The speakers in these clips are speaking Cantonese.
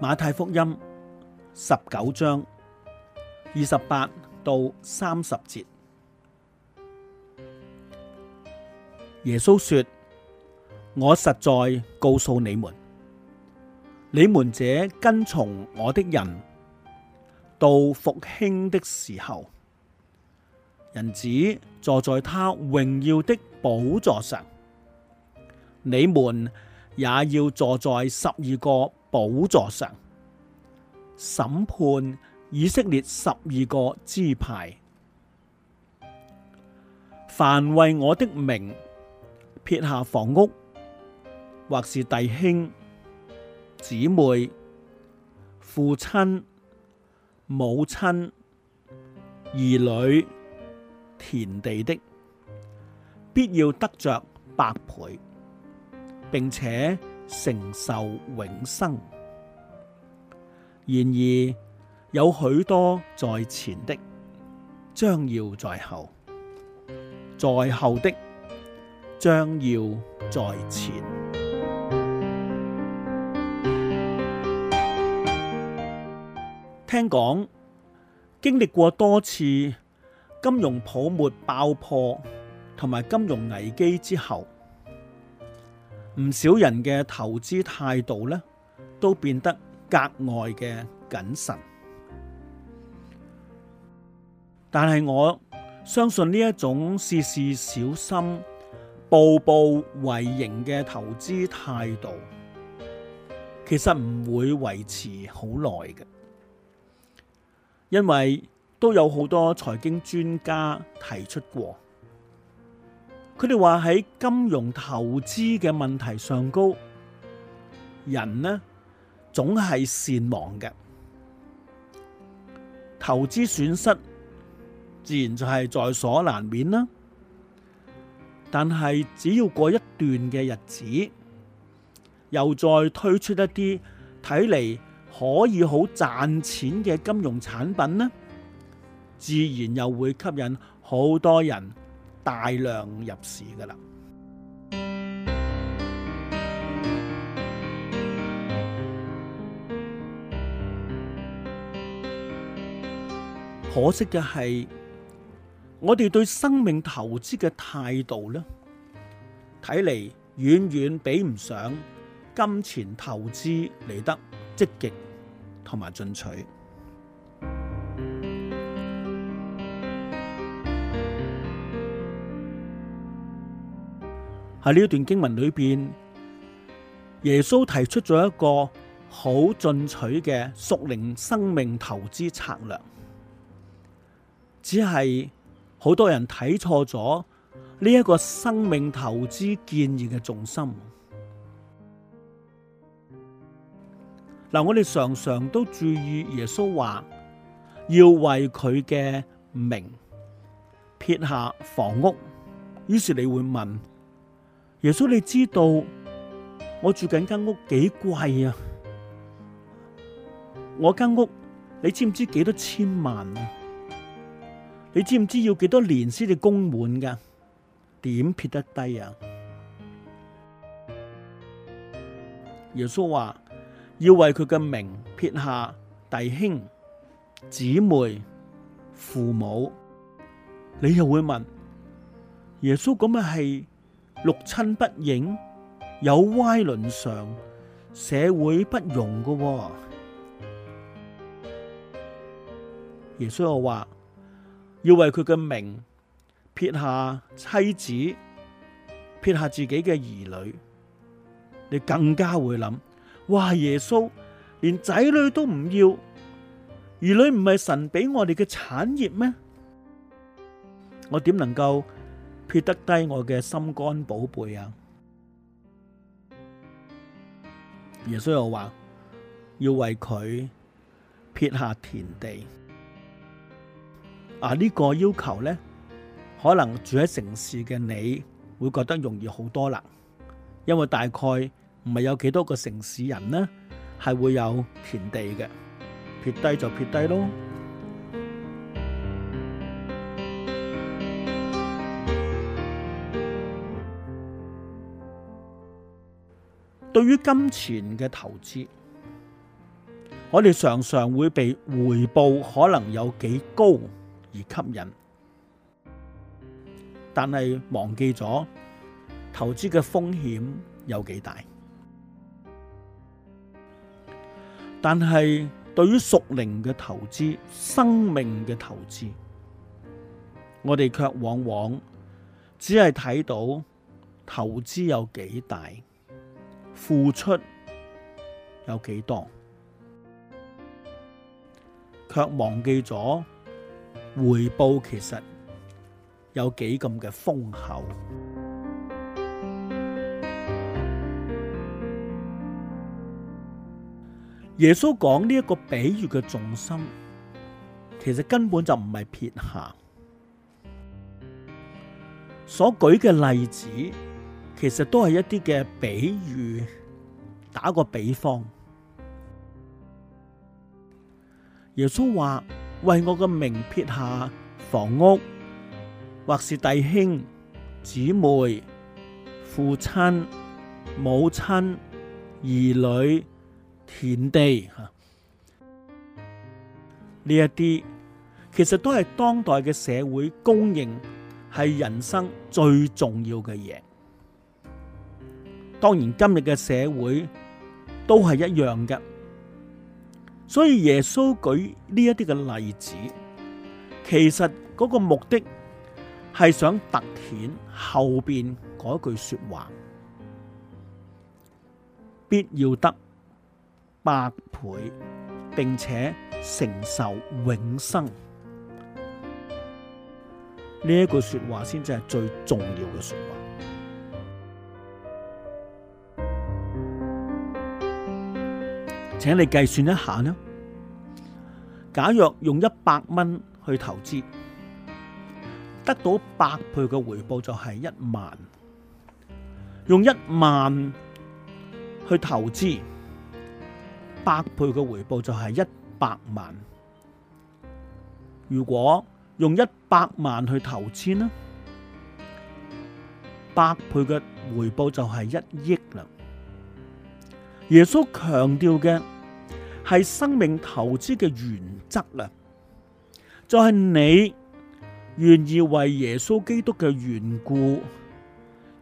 馬太福音十九章二十八到三十節，耶穌說：我實在告訴你們，你們這跟從我的人，到復興的時候，人子坐在他榮耀的寶座上，你們也要坐在十二個。寶座上審判以色列十二個支派，凡為我的名撇下房屋，或是弟兄、姊妹、父親、母親、兒女、田地的，必要得着百倍，並且。承受永生，然而有許多在前的，將要在後；在後的將要在前。聽講，經歷過多次金融泡沫爆破同埋金融危機之後。唔少人嘅投資態度呢，都變得格外嘅謹慎。但係我相信呢一種事事小心、步步為營嘅投資態度，其實唔會維持好耐嘅，因為都有好多財經專家提出過。佢哋話喺金融投資嘅問題上高，人呢總係善忘嘅，投資損失自然就係在所難免啦。但係只要過一段嘅日子，又再推出一啲睇嚟可以好賺錢嘅金融產品呢，自然又會吸引好多人，大量入市㗎喇，可惜嘅係，我哋對生命投資嘅態度呢，睇嚟遠遠比唔上金錢投資嚟得積極同埋進取。喺呢段經文裏邊，耶穌提出咗一個好進取嘅屬靈生命投資策略，只係好多人睇錯咗呢一個生命投資建議嘅重心。嗱，我哋常常都注意耶穌話要為佢嘅名撇下房屋，於是你會問：耶穌，你知道我住緊間屋幾貴啊？我間屋你知唔知幾多千萬啊？你知唔知要幾多年先至供滿噶？點撇得低啊？耶穌話要為佢嘅名撇下弟兄姊妹父母，你又會問耶穌，咁啊係？六親不認，有歪倫常，社會不容噶喎。耶穌又話要為佢嘅名撇下妻子，撇下自己嘅兒女。你更加會諗，哇！耶穌連仔女都唔要，兒女唔係神俾我哋嘅產業咩？我點能夠？撇得低我嘅心肝寶貝啊！耶穌又話要為佢撇下田地啊！呢個要求呢，可能住喺城市嘅你會覺得容易好多啦，因為大概唔係有幾多個城市人呢係會有田地嘅，撇低就撇低咯。對於金錢嘅投資，我哋常常會被回報可能有幾高而吸引，但係忘記咗投資嘅風險有幾大。但係對於屬靈嘅投資、生命嘅投資，我哋卻往往只係睇到投資有幾大。付出有幾多，卻忘記咗回報其實有幾咁嘅豐厚。耶穌講呢一個比喻嘅重心，其實根本就唔係撇下所舉嘅例子。其實都係一啲嘅比喻，打個比方，耶穌話：為我嘅名撇下房屋，或是弟兄姊妹、父親、母親、兒女、田地，呢一啲其實都係當代嘅社會公認係人生最重要嘅嘢。當然今日嘅社會都係一樣嘅，所以耶穌舉呢一啲嘅例子，其實嗰個目的係想突顯後邊嗰句說話，必要得百倍，並且承受永生，呢一句說話先至係最重要嘅說話。請你計算一下呢？假若用一百蚊去投資，得到百倍嘅回報就係一萬。用一萬去投資，百倍嘅回報就係一百萬。如果用一百萬去投資呢？百倍嘅回報就係一億啦。耶穌強調嘅係生命投資嘅原則啦，就係你願意為耶穌基督嘅緣故，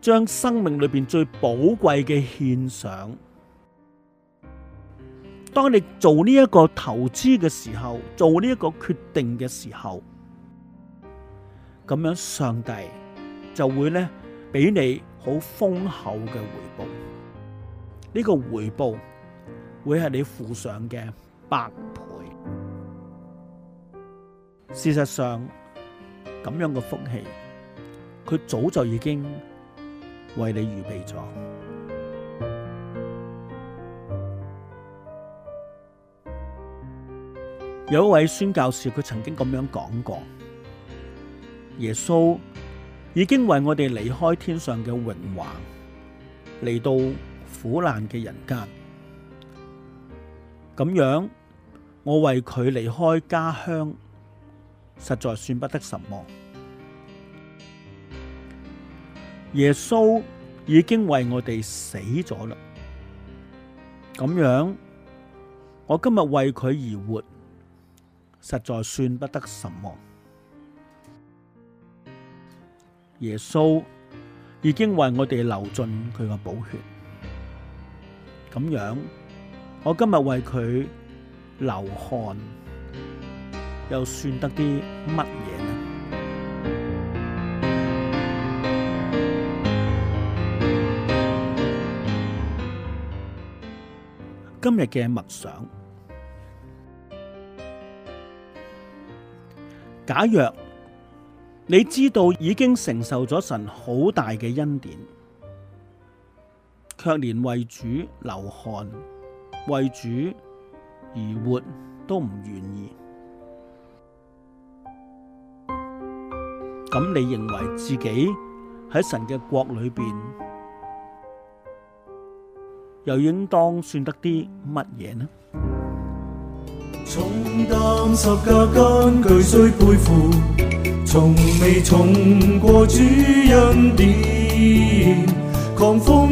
將生命裏面最寶貴嘅獻上。當你做呢一個投資嘅時候，做呢一個決定嘅時候，咁樣上帝就會咧俾你好豐厚嘅回報。呢個回報會係你付上嘅百倍。事實上，咁樣嘅福氣，佢早就已經為你預備咗。有一位宣教士，佢曾經咁樣講過：耶穌已經為我哋離開天上嘅榮華，嚟到。苦難嘅人間，咁樣我為佢離開家鄉，實在算不得什麼。耶穌已經為我哋死咗啦，咁樣我今日為佢而活，實在算不得什麼。耶穌已經為我哋流盡佢嘅寶血。咁樣，我今日為佢流汗，又算得啲乜嘢呢？今日嘅默想，假若你知道已經承受咗神好大嘅恩典，卻連為主流汗為主而活都唔願意，咁你認為自己喺神嘅國裏邊，又應當算得啲乜嘢呢？重擔十架艱巨需背負，從未重過主恩典，狂風。